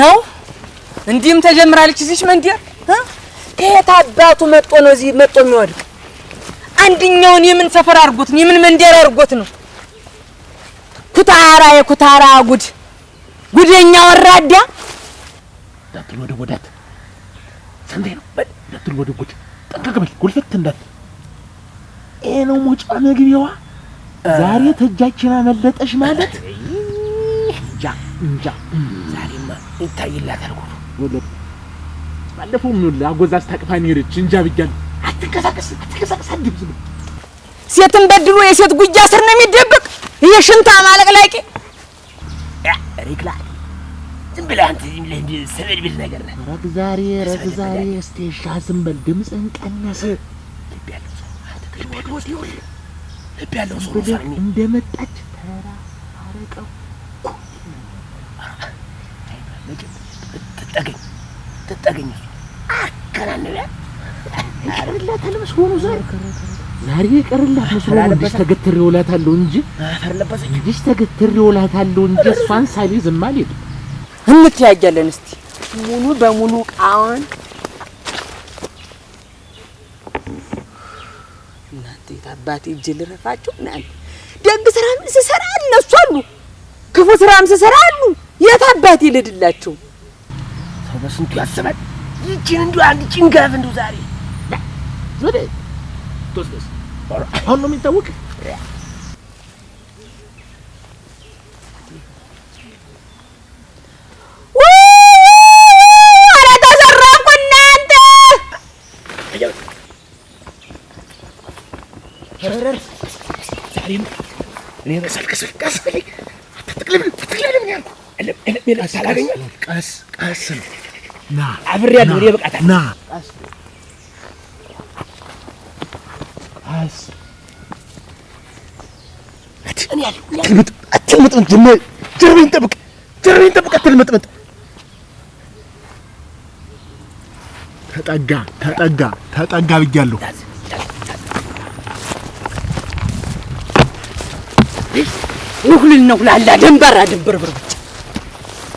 ነው እንዲህም ተጀምራለች። እዚች መንደር ከየት አባቱ መጦ ነው እዚህ መጦ የሚወድቅ? አንድኛውን የምን ሰፈር አድርጎት ነው የምን መንደር አድርጎት ነው? ኩታራ የኩታራ ጉድ ጉደኛ ወራዳ ዳትል ወደ ወዳት ሰንዴ ነው በል ዳትል ወደ ጉድ ጠንቀቅ በል ጉልፈት እንዳት ይሄ ነው ሞጫ መግቢያዋ። ዛሬ ተጃችን አመለጠሽ ማለት እንጃ እንጃ ይታይላታል። ባለፈው ምን አጎዛዝ ታቅፋን ሄደች እንጃ ብያለሁ። አትንቀሳቀስ አትንቀሳቀስ። ሴትን በድሎ የሴት ጉያ ስር ነው ሽንታ የሽንታ ማለቅላቂ ሪክላት ዝም ብለህ አንተ ዝም ብለህ ሰበድ ብል ነገር ነህ። ኧረ ዛሬ ኧረ ዛሬ እስኪ እሺ፣ ዝም በል ድምፅህን ቀነስ። ልብ ያለው ሰው እንደመጣች ተራ አረቀው ትጠገኝ ትጠገኝ አከናንበል ይቀርላታል ዛሬ ይቀርላት መስሎ እንዲሽ ተገትሬ እውላታለሁ እንጂ እንዲሽ ተገትሬ እውላታለሁ እንጂ እሷን ሳልይዝ አልሄድም። እንተያያለን እስቲ ሙሉ በሙሉ ቃዋን እናንተ የታባቴ እጅ ልረፋቸው። እናንተ ደግ ስራም ስሰራ እነሱ አሉ፣ ክፉ ስራም ስሰራ አሉ። የት አባቴ ልድላችሁ? ሰው በስንቱ ያስባል። ይቺን እንዲሁ አንድ ጭንጋፍ እንዲሁ ዛሬ አሁን ነው የሚታወቅ ዛሬም እኔ ያልኩ ቀስ ቀስ ና አብሬ ያለው ይበቃታል። ና ተጠጋ ተጠጋ ተጠጋ ብያለሁ። ድንብርብር ብቻ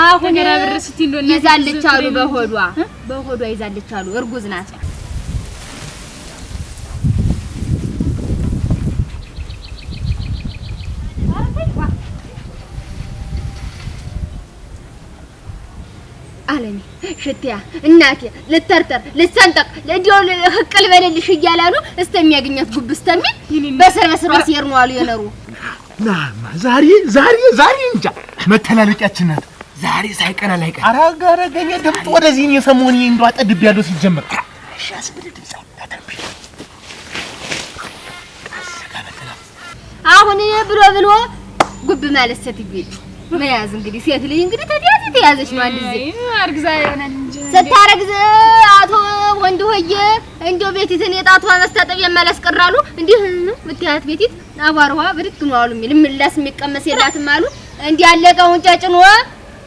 አሁን ይዛለች አሉ በሆዷ በሆዷ ይዛለች አሉ። እርጉዝ ናት። አለሜ ሽትያ እናቴ ልተርተር ልሰንጠቅ ለዲዮ ህቅል በለልሽ እያላሉ እስተሚያገኛት ጉብ እስተሚል በሰረስራ ሲየር ነው አሉ የነሩ ናማ ዛሬ ዛሬ ዛሬ እንጃ መተላለቂያችን ናት። ዛሬ ሳይቀና ላይ ቀር አራጋረ አረገኛ ደምጥ ወደዚህ ነው የሰሞን ይሄ እንደው አጠድብ ያለው ሲጀምር እሺ አሁን እኔ ብሎ ብሎ ጉብ ማለት ሴትዬ መያዝ እንግዲህ ሴት ልጅ እንግዲህ ተዲያት የተያዘች ማለት እዚህ አርግዛ ይሆናል እንጂ ስታረግዝ አቶ ወንድ ሆየ እንዶ ቤቲት እኔ ጣቷ መስታጠብ የማላስቀራሉ እንዲህ ምትያት ቤቲት አቧራዋ ብድግ ነው አሉ የሚል ምላስ የሚቀመስ የላትም አሉ እንዲህ አለቀውን ጫጭኖ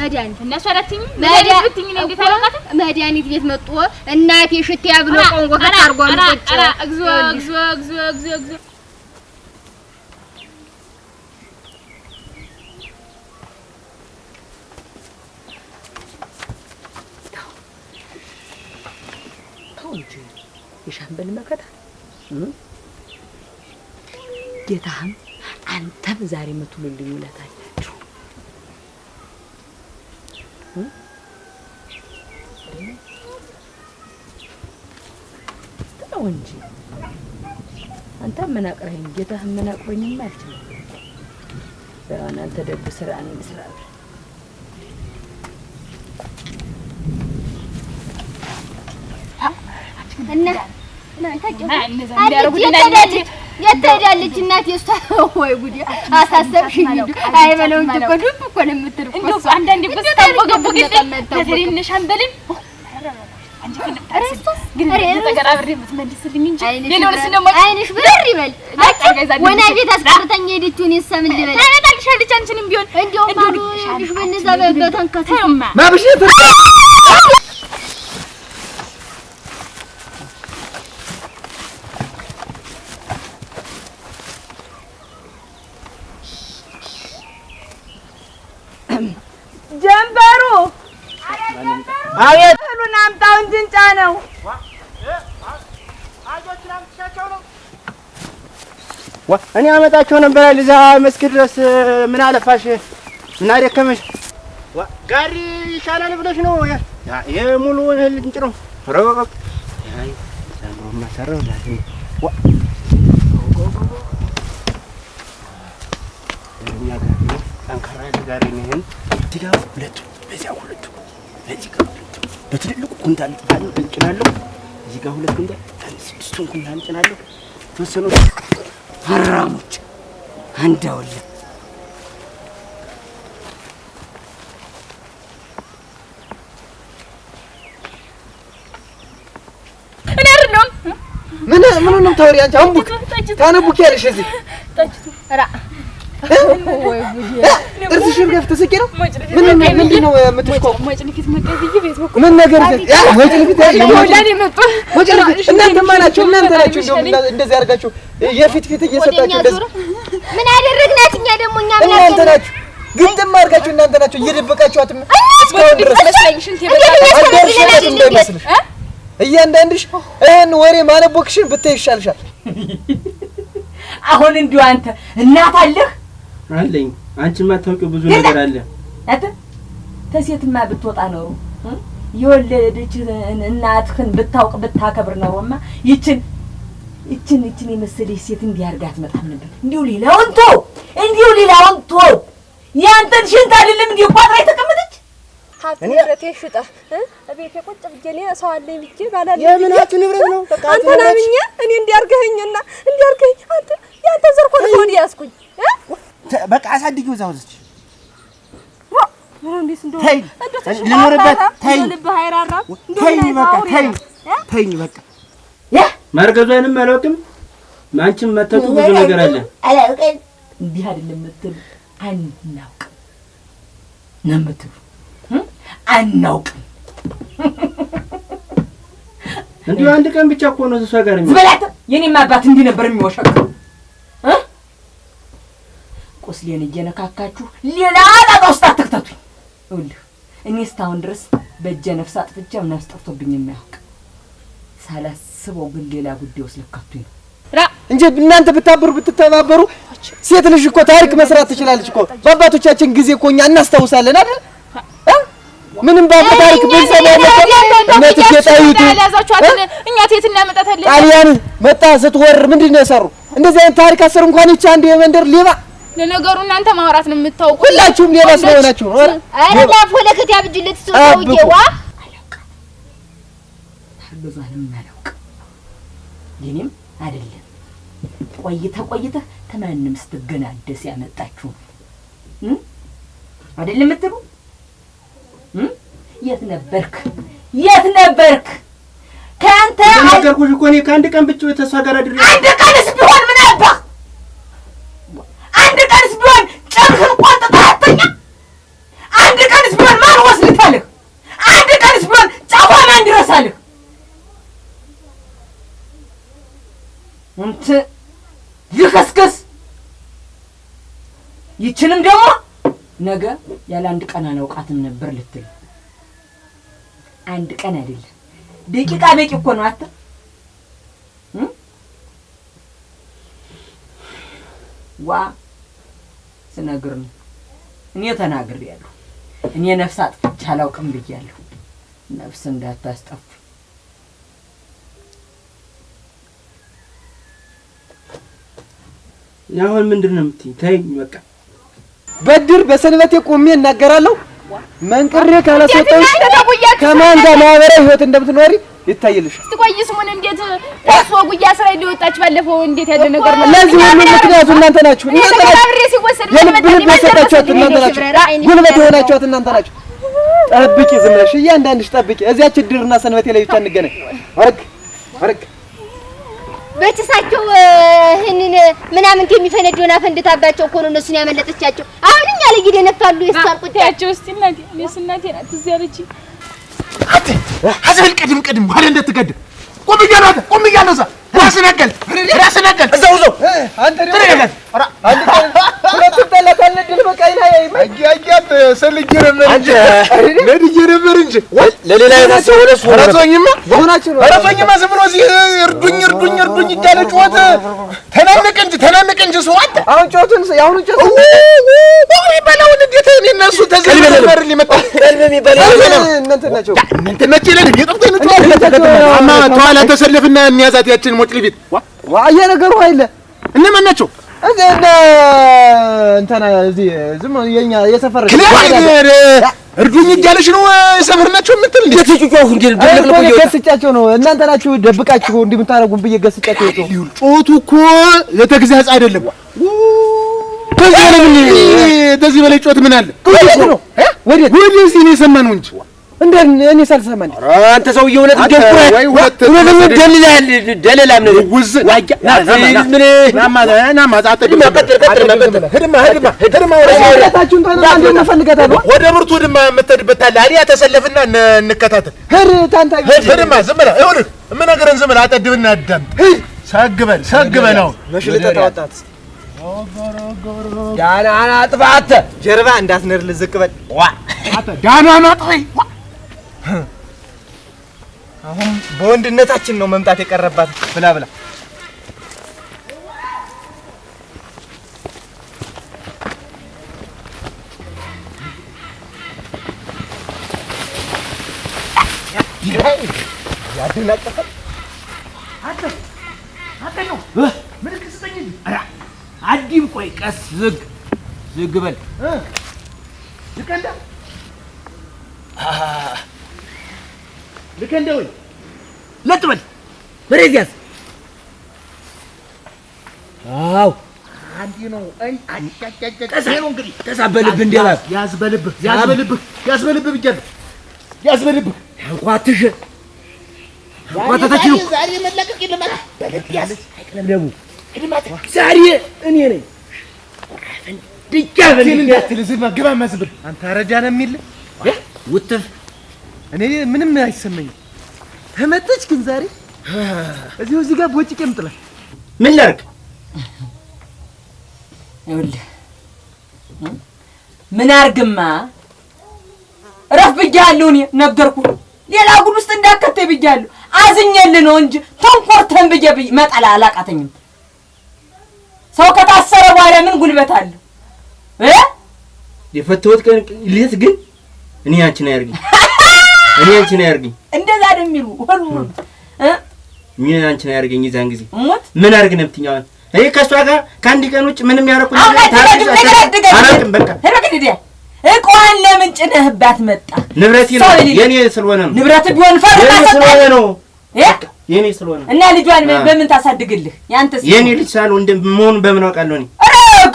መድኃኒት እነሱ አላትኝ መድኃኒት ቤት መጥቶ እናቴ ሽታ ያብሎ ቆንጆ አድርጎ የሻምበል መከታ ጌታህም አንተም ዛሬ የምትውልልኝ ውለታል ነው እንጂ አንተ ምን አቅረኸኝ፣ ጌታህ ምን አቅሮኝም አልችልም። በእውነት አንተ ደግ ስራ ነው ስራ እና የት ትሄዳለች እናት? የእሷ ወይ ጉዴ አሳሰብሽኝ። አይ በለው እንጂ እኮ ዱብ እኮ ነው የምትርቅ እኮ አንዳንዴ በስ ታንቦገቦግልኝ በተለይነሽ ግን ተገራብሬ የምትመልስልኝ እንጂ ቤት አስቀርተኝ ሄደች። እኔ ልበል ታመጣልሻለች። አቤት እህሉን አምጣው እንጂ እንጫ ነው እኔ አመጣቸው ነበር። እዛ መስጊድ ድረስ ምን አለፋሽ ምን አደከመሽ? ጋሪ ይሻላል ብለሽ ነው የሙሉውን እህል እንጭ ነው ረበበቅ ማሰረው ጠንከራ ጋሪ ነህን ትዳው ሁለቱ ኩንታል እንጭናለሁ። እዚህ ጋር ሁለት ኩንታል ስድስቱን ኩንታል እንጭናለሁ። ተወሰኑ የተወሰኑ ሀራሞች አንዳውለ ምን ምኑንም ታወሪ አንቺ አንቡክ ታነቡክ ያለሽ እዚህ ጥርስሽን ከፍት ስቄ ነው። ምን ምንድን ነው የምትሽኮው? ነገር እናንተማ ናችሁ እናንተ ናችሁ እንደዚህ አድርጋችሁ የፊት ፊት እየሰጣችሁ ምን አደረግናት እኛ ደግሞ እኛ እናንተ ናችሁ ግጥም አድርጋችሁ እናንተ ናችሁ እየደበቃችኋትም እስካሁን ድረስ እንዳይመስልሽ እያንዳንድሽ ይህን ወሬ ማነቦክሽን ብታይ ይሻልሻል። አሁን እንዲሁ አንተ እናት አለህ አለኝ አንቺ የማታውቂው ብዙ ነገር አለ። አታ ተሴትማ ብትወጣ ኖሮ የወለደች እናትህን ብታውቅ ብታከብር ኖሮማ ይችን ይችን ይችን የመሰለች ሴት እንዲህ አድርጋ አትመጣም ነበር። እንዲሁ ሌላውን ቶ እንዲሁ ሌላውን ቶ ያንተን ሽንት አይደለም እንዲሁ ቋጥራ የተቀመጠች ንብረቴ ሽጣ ቤቴ ቁጭ ብዬ ሰው አለኝ ብዬ ባላለኝ የምናቱ ንብረት ነው። አንተን አምኜ እኔ እንዲያርገኝና እንዲያርገኝ አንተ ያንተ ዘርኮ ነው ያዝኩኝ በቃ አሳድጊው እዛው እዚች ልኖርበት። ተይኝ መርገዟንም አላውቅም። አንቺም መተቱ ብዙ ነገር አለ። እንዲህ አይደለም የምትሉ አናውቅም ነው የምትሉ አናውቅም። እንዲሁ አንድ ቀን ብቻ እኮ ነው እሷ ጋር የእኔም አባት እንዲህ ነበር የሚወሻው ቁስሌን እየነካካችሁ ሌላ ጣጣ ውስጥ አትክተቱኝ። ይኸውልህ እኔ እስካሁን ድረስ በእጄ ነፍስ አጥፍቼም ነፍስ ጠፍቶብኝ የማያውቅ ሳላስበው ግን ሌላ ጉዳይ ውስጥ ልከቱኝ ነው እንጂ እናንተ ብታብሩ ብትተባበሩ፣ ሴት ልጅ እኮ ታሪክ መስራት ትችላለች እኮ። በአባቶቻችን ጊዜ እኮ እኛ እናስታውሳለን አይደል? ምንም ባባ ታሪክ ብንሰማ ያለበት ጣዩቱ እኛ ሴት እናመጣታለን። ጣሊያን መጣ ስትወር ምንድን ነው የሰሩ? እንደዚህ አይነት ታሪክ አሰሩ። እንኳን ይቻ አንድ የመንደር ሌባ ለነገሩ እናንተ ማውራት ነው የምታውቁ፣ ሁላችሁም ሌባ ስለሆናችሁ። አረ ላፍ ወለከት ያብጅለት እሱ ሰውዬው አልገዛህም አላውቅም። አይደለም። ቆይተ ቆይተ ከማንም ስትገናደስ ያመጣችሁ አይደለም የምትሉ የት ነበርክ? የት ነበርክ? ከአንተ ነገርኩሽ እኮ እኔ ከአንድ ቀን ብቻ የተሷ ጋር አይደለም። አንድ ቀንስ ቢሆን ምን አባህ አንድ ቀንስ ቢሆን ጨርህን ቆንጥጠህ አትተኛ። አንድ ቀንስ ቢሆን ማን ወስልታልህ? አንድ ቀንስ ቢሆን ጫፏ ማን እንት ልክስክስ ይችንም ደግሞ ነገ ያለ አንድ ቀን አላውቃትም ነበር ልትል አንድ ቀን አይደለም ደቂቃ በቂ እኮ ነው። አትል ዋ ነው? እኔ ተናግሬያለሁ። እኔ ነፍስ አጥፍቼ አላውቅም ብያለሁ። ነፍስ እንዳታስጠፉ አሁን ምንድን ነው የምትይኝ? ተይኝ በቃ። በድር በሰንበቴ ቆሜ እናገራለሁ። መንቅሬ ካላስወጣሁሽ ከማን ጋር ማህበራዊ ህይወት እንደምትኖሪ ይታይልሻል። እስቲ ቆይ ስሙን እንዴት ራስ ወጉ እያስራ እንደወጣች ባለፈው እንዴት ያለ ነገር ነው። ለዚህ ሁሉ ምክንያቱ እናንተ ናችሁ። እናንተ ናችሁ። የልብ ልብ የሰጣችኋት እናንተ ናችሁ። ጉልበት የሆናችኋት እናንተ ናችሁ። ጠብቂ፣ ዝም ብለሽ እያንዳንድሽ ጠብቂ። እዚያች ድርና ሰንበቴ ላይ ብቻ እንገናኝ። አርግ አርግ በጭሳቸው ይህንን ምናምን የሚፈነደውን አፈንድታባቸው እኮ ነው እነሱን ያመለጠቻቸው። አሁን እኛ ላይ ይደነፋሉ። የእሷን ቁጣ እስቲ እናቴ ስናቴ ናት እዚያ ልጅ አዘህን ቅድም ቅድም ኋላ እንደትቀድም ቁም እያለሁ አንተ ቁም እያለሁ እዛ ራስህን አጋልጥ ራስህን አጋልጥ እዛው እዛው አንተ ተናነቀ እንጂ ተናነቀ እንጂ ሰው አንተ አሁን ጮቱን ያሁን ጮቱ ወሪ እንዴት እኔ እነሱ ተዘበር ሊመጣ ቀልብ ተሰለፍና እንያዛት ያችን ሞጭ ልቢት ዋ የነገሩ አይለ እነማን ናቸው እንትና እዚህ ዝም የኛ የሰፈረ ክሊያ እርዱኝ እያለሽ ነው። ሰፈር ናቸው የምትል እንዴ? ተጭጮሁ እንዴ? ገስጫቸው ነው እናንተ ናችሁ ደብቃችሁ እንዲህ የምታደርጉን ብዬ ገስጫቸው። ጮቱ እኮ ለተግዛጽ አይደለም። ከዚህ በላይ ጮት ምን አለ? ወደዚህ ነው የሰማነው እንጂ እንዴ እኔ ሳልሰማ እንዴ አንተ ሰውዬ እውነት ደለላም ነው ውዝ ዋጃ ምን ናማ አጠድም ወደ ብርቱ ድማ የምትሄድበት አለ አዲያ ተሰለፍና እንከታተል ሂድ ታንታ ሂድማ ዝም ብለህ ይኸውልህ የምነግርህን ዝም ብለህ አጠድብና አዳምጥ ሰግበን ሰግበን አሁን ለሽልጠጣጣት ዳናና አጥፋ አንተ ጀርባ እንዳትነድል ዝቅ በል ዋ ዳናና አጥፋ አሁን በወንድነታችን ነው መምጣት የቀረባት። ብላ ብላ አዲም ቆይ፣ ቀስ ዝግ ዝግ በል ልቀንዳ ልከንደውኝ ለጥበል በሬዚያስ አዎ አንዲ ነው እን እንግዲህ ተሳ በልብህ እንደላት ያዝ በልብህ ያዝ በልብህ ያዝ በልብህ ዛሬ እኔ ነኝ ድጋፍ ግባ መስብር አንተ አረጃ ነው የሚል ውትፍ እኔ ምንም አይሰማኝም። ተመተች ግን ዛሬ እዚሁ እዚህ ጋር ቦጭቄ የምጥላል። ምን ላድርግ? ይኸውልህ ምን አድርግማ እረፍ ብያለሁ። እኔ ነገርኩ ሌላ ጉድ ውስጥ እንዳከተይ ብያለሁ። አዝኜልህ ነው እንጂ ተንኮርተን ብዬ ብዬ መጠላ አላቃተኝም። ሰው ከታሰረ በኋላ ምን ጉልበት አለው? የፈተወት ቀን ሌት ግን እኔ አንቺን አያርግኝ እኔ አንቺን አያርገኝ እንደዛ ነው የሚሉ ሁሉ እ ምን አንቺን አያርገኝ። የዛን ጊዜ ሞት ምን አርግ ነው የምትይኝ? እኔ ከእሷ ጋር ከአንድ ቀን ውጭ ምንም ያደረኩት አላውቅም። በቃ እቋን ለምን ጭነህባት መጣ? ንብረቴ ነው የኔ ስለሆነ ነው። ንብረት ቢሆን ፈርታ ስለሆነ ነው የኔ ስለሆነ እና ልጇን በምን ታሳድግልህ? ያንተስ የኔ ልጅ ሳልሆን እንደምሆን በምን አውቃለሁ እኔ ሮግ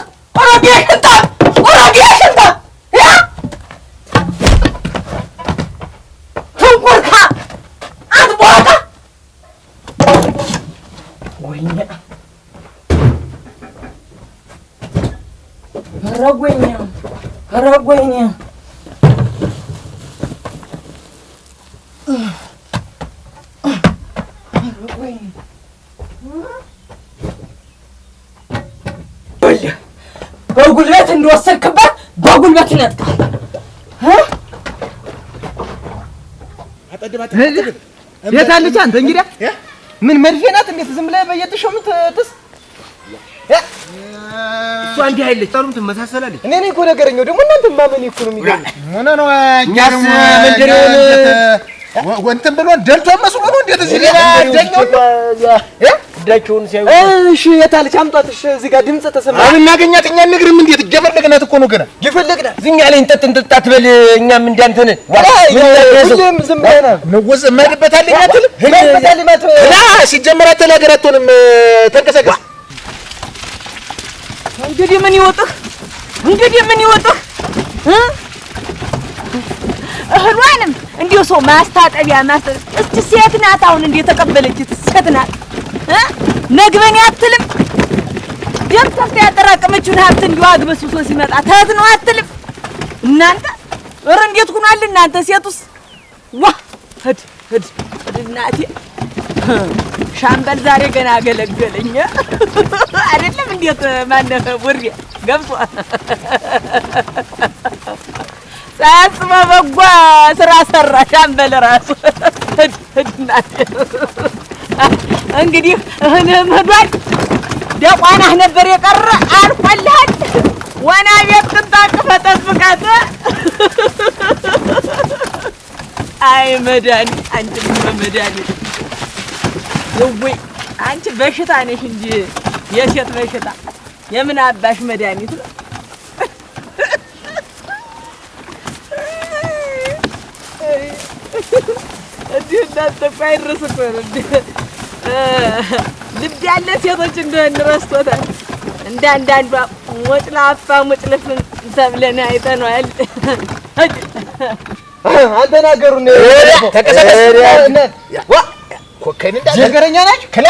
ሮግ ሮግ ረጎኝ ረጎኝ በጉልበት እንደወሰድክበት በጉልበት ይነጥቃል። የት አለች አንተ? እንግዲህ ምን መድፌ ናት? እንዴት ዝም ብለህ እሷ እንዲህ አይለች፣ ጠሩም ትመሳሰላለች። እኔ እኮ ነገረኛው ደግሞ እናንተ ማመን እኮ ነው የሚገርምህ። ምን ነው እኛስ መንደሬውን እንትን ብሎ ደልቶ መስሎ ነው እንዴት እዚህ ሌላ ደኛው እዳችሁን ሲያዩ እሺ፣ የታለች አምጧት። እሺ፣ እዚህ ጋር ድምፅ ተሰማ። አሁን እናገኛት እኛ ንግርም እንዴት እየፈለግናት እኮ ነው ገና እየፈለግናት ዝም ያለ እንጠጥ እንጠጥ አትበል። እኛም እንዳንተን ሁሌም ዝም ብለና ንጉስ የማይድበት አለኝ አትልም። ሲጀመር አትል ሀገር አትሆንም። ተንቀሳቀስ እንግዲህ ምን ይወጥህ? እንግዲህ ምን ይወጥህ? እህሏንም እንዲሁ ሰው ማስታጠቢያ ማስተ እስቲ ሴት ናት። አሁን እንዲህ የተቀበለች ሴት ናት። ነግበኔ አትልም። ደም ከፍታ ያጠራቀመችውን ሀብት እንዲሁ አግበስብሶ ሲመጣ ተት ነው አትልም። እናንተ ኧረ እንዴት ሆኗል? እናንተ ሴቱስ ዋ ሂድ ሂድ ሂድ እናቴ ሻምበል ዛሬ ገና አገለገለኝ አይደል? እንዴት ማን ቡሬ ገብቶ ሳያስበ በጓ ስራ ሰራ። ሻምበል አንበል እራሱ እንግዲህ እህንህም ህዷል። ደቋናህ ነበር የቀረ አልቆልሃል። ወና ቤት ቅንጣቅፈ ጠብቃት። አይ መዳኒ አንቺ መዳኒ የወይ አንቺ በሽታ ነሽ እንጂ የሴት በሽታ የምን አባሽ መድኃኒት ነው? እንዲህ እናንተ እኮ እኮ ልብ ያለ ሴቶች እንደሆን ረስቶታል። እንደ አንዳንዷ ሞጭላፋ ሞጭልፍን ተብለን አይተነዋል። አልተናገሩን ተቀሰቀስ ኮከብ እንዳገረኛ ናቸው ክላ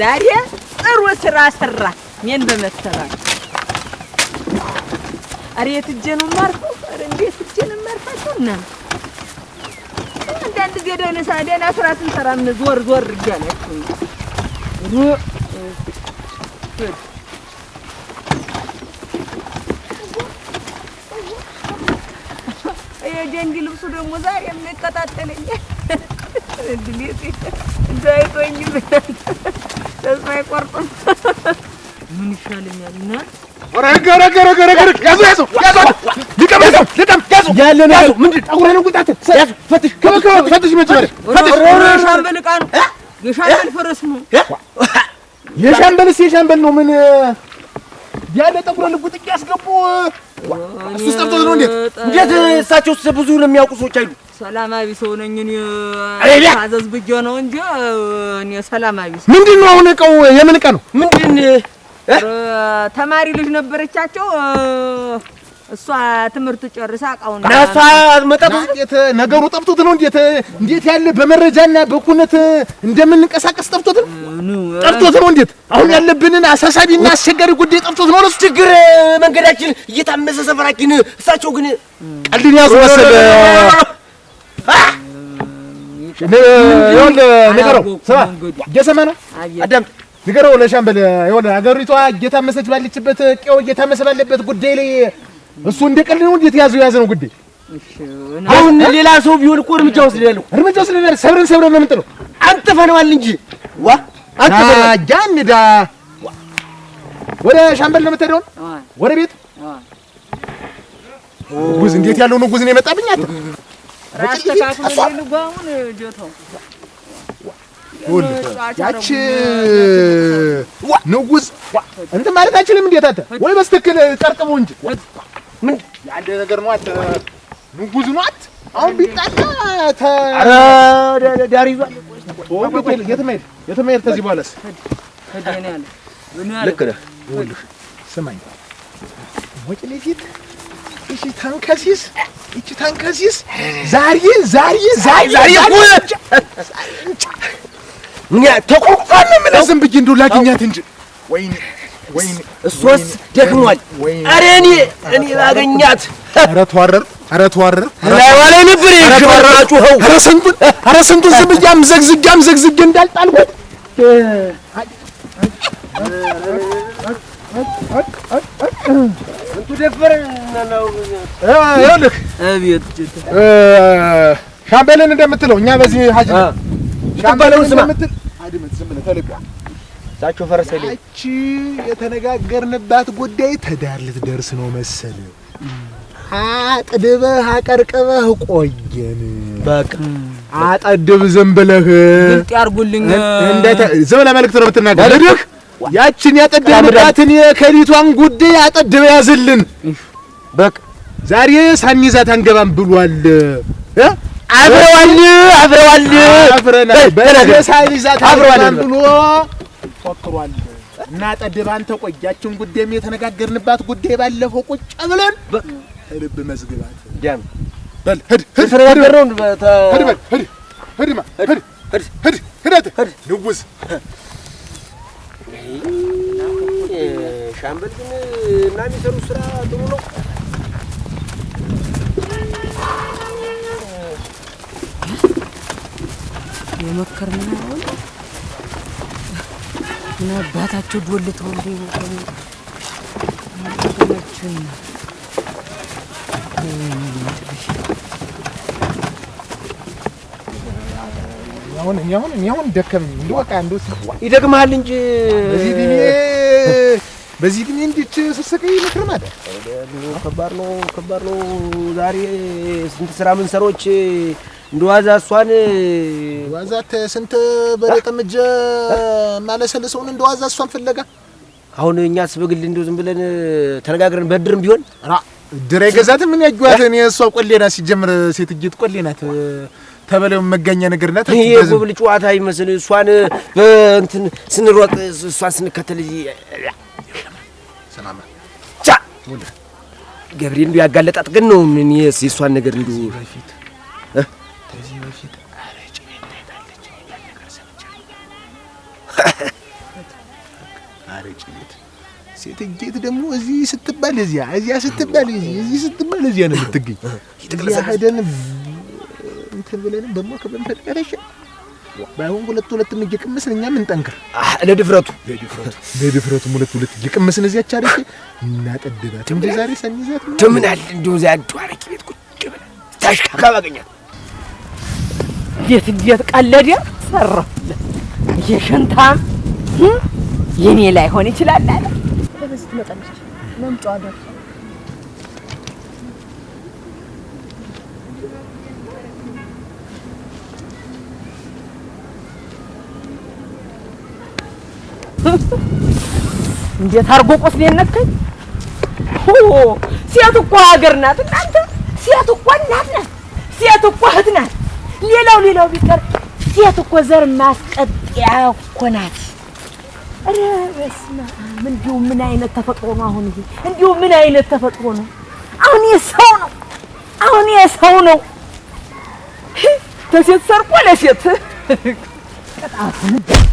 ዛሬ ጥሩ ስራ ሰራ። ምን በመሰራ አሬ የትጀኑ ማርኩ አረንዴት እንዴት ትጀኑ ማርካችሁ እና አንዳንድ ጊዜ ደነሳ ደና ስራ ስንሰራ ምን ዞር ዞር እያላችሁ የጀንግ ልብሱ ደግሞ ዛሬ ምን ይቀጣጠለኛል። እድሜ እንደው አይቶኝም ተስፋ አይቆርጥም። ምን ይሻለኛል? እና የሻምበል የሻምበል ነው ምን ያለ ጠጉረ ልጉጥ ያስገቡ እሱ ጠብቶት ነው። እንዴት እንዴት እሳቸውስ ብዙ የሚያውቁ ሰዎች አይሉ ሰላማዊ ሰው ነኝ እኔ። ታዘዝ ብዬ ነው እንጂ እኔ ሰላማዊ ሰው። ምንድን ነው አሁን እቃው? የምን እቃ ነው? ምንድን ተማሪ ልጅ ነበረቻቸው እሷ ትምህርት ጨርሳ እቃውን እሷ መጣቱ ነገሩ ጠፍቶት ነው። እንዴት እንዴት ያለ በመረጃና በኩነት እንደምንንቀሳቀስ ጠፍቶት ነው ጠፍቶት ነው። እንዴት አሁን ያለብንን አሳሳቢና አስቸጋሪ ጉዳይ ጠፍቶት ነው። ለሱ ችግር መንገዳችን እየታመሰ ሰፈራችን እሳቸው ግን ቀልድን ያዙ መሰለ ንገረው። ስማ እየሰማ ነው። አዳምጥ፣ ንገረው ለሻምበል። ይኸውልህ አገሪቷ እየታመሰች ባለችበት፣ ቀዬው እየታመሰ ባለበት ጉዳይ ላይ እሱ እንደ ቀልድ ነው እንዴት ያዘው የያዘ ነው ጉዳይ። አሁን ሌላ ሰው ቢሆን እኮ እርምጃ ወስደናል፣ እርምጃ ወስደናል። ሰብረን ሰብረን ነው የምንጥለው። አንጥፈነዋል እንጂ ዋ አንጥፈናጃንዳ ወደ ሻምበል ነው የምትሄደው፣ ወደ ቤት ጉዝ። እንዴት ያለው ነው ጉዝ ነው የመጣብኝ አንተ ያች ንጉሥ እንትን ማለት አይችልም። እንዴት አንተ ወይ በስትክል ጠርቅሙ እንጂ ምን የአንድ ነገር ኗት ንጉሥ ኗት። አሁን ቢጣላ ዳር በኋላስ ልክ ነህ። ስማኝ ሞጭ ሌፊት እሺ ተንከሲስ እቺ ተንከሲስ ዛሬ ዛሬ ዛሬ ዛሬ ምን ያ ምን ዝም ብዬ እንደው ላገኛት እንጂ ወይኔ ወይኔ እሷስ ደክሟል። ኧረ እኔ እኔ ላገኛት ኧረ ተዋረር ኧረ ተዋረር ላይዋ ላይ ነበር ይሽራጩኸው ኧረ ስንቱን ኧረ ስንቱን ዝም ብያም ዘግዝጋም ዘግዝጌ እንዳልጣልኩት ይኸውልህ ሻምበልን እንደምትለው እኛ በዚህ ሀጂ ሻምበልን እንደምትል አድመት ዝም ብለህ ተለቀህ እዛቸው ፈረሰ ይቺ የተነጋገርንባት ጉዳይ ተዳር ልትደርስ ነው መሰል አጥድበህ አቀርቅበህ ቆየን። በቃ አጠድብ ዝም ብለህ ዝም ብለህ መልዕክት ነው የምትናገር ያችን ያጠደምባትን የከሊቷን ጉዳይ አጠድበ ያዝልን። በቃ ዛሬ ሳንይዛት አንገባም ብሏል። አብረዋል አብረዋል አብረናል ሳንይዛት አብረዋል ብሎ ፎክሯል። እና ጠድብ አንተ ቆይ፣ ያችን ጉዳይም የተነጋገርንባት ጉዳይ ባለፈው ቁጭ ብለን ልብ መዝግባት ያም በል ሂድ ሂድ ተነጋገረውን ሂድ ሂድ ሂድ ሂድ ሂድ ሂድ ሂድ ንጉስ ሻምበል ግን እና የሚሰሩት ስራ ጥሩ ነው። የመከር ምን ሆነ? ምን አባታቸው ዶል ተወልዶ ናቸው። አሁን እኔ አሁን እኔ አሁን ደከመኝ። እንደው በቃ እንደው ይደግምሃል እንጂ በዚህ እድሜ በዚህ እድሜ እንዴት ስስቀይ ምክር ማለት ከባድ ነው፣ ከባድ ነው። ዛሬ ስንት ስራ ምን ሰሮች እንደዋዛ እሷን ዋዛ ስንት በሬ ጠምጄ ማለሰልሰውን እንደዋዛ እሷን ፍለጋ አሁን እኛስ በግል እንደው ዝም ብለን ተነጋግረን በድርም ቢሆን ድሬ ገዛት ምን ያጓት እኔ እሷ ቆሌ ናት። ሲጀምር ሴትየት ቆሌ ናት። ተበለው መገኘ ንግርነት ይሄ የጉብል ጨዋታ ይመስል እሷን በእንትን ስንሮጥ እሷን ስንከተል ገብርኤል እንዲሁ ያጋለጣት ግን ነው። እኔ የእሷን ነገር እንዲሁ ሴትጌት ደግሞ እዚህ ስትባል እዚያ እዚያ ስትባል እዚህ ስትባል እዚያ ነው የምትገኝ ብለንም ደግሞ ክብለን ተጠቀለሽ ባይሆን ሁለት ሁለት እጅ ቅምስን እኛም እንጠንክር። ለድፍረቱ ለድፍረቱ ለድፍረቱ ሁለት ሁለት እጅ ቅምስን እዚያች አረቄ እናጠድባት እንደ ዛሬ ሰንይዛት ትምናል። እንደው እዚያ አድዋ አረቄ ቤት ቁጭ ብላ ታሽካካ ባገኛት እንዴት እንዴት ቀለድ ሰራ የሸንታም የኔ ላይ ሆን ይችላል አለ። በዚህ ትመጣለች መምጫዋ ደርሶ እንዴት አድርጎ ቆስሌን ነካኝ። ሴት እኮ ሀገር ናት እናንተ። ሴት እኮ እናት ናት። ሴት እኮ እህት ናት። ሌላው ሌላው ቢቀር ሴት እኮ ዘር ማስቀጥያ እኮ ናት። ኧረ በስመ አብ! እንዲሁ ምን አይነት ተፈጥሮ ነው አሁን ይሄ? እንዲሁ ምን አይነት ተፈጥሮ ነው አሁን? የሰው ነው አሁን የሰው ነው ተሴት ሰርቆ ለሴት ቅጣቱ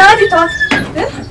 Caralho, tá. tá.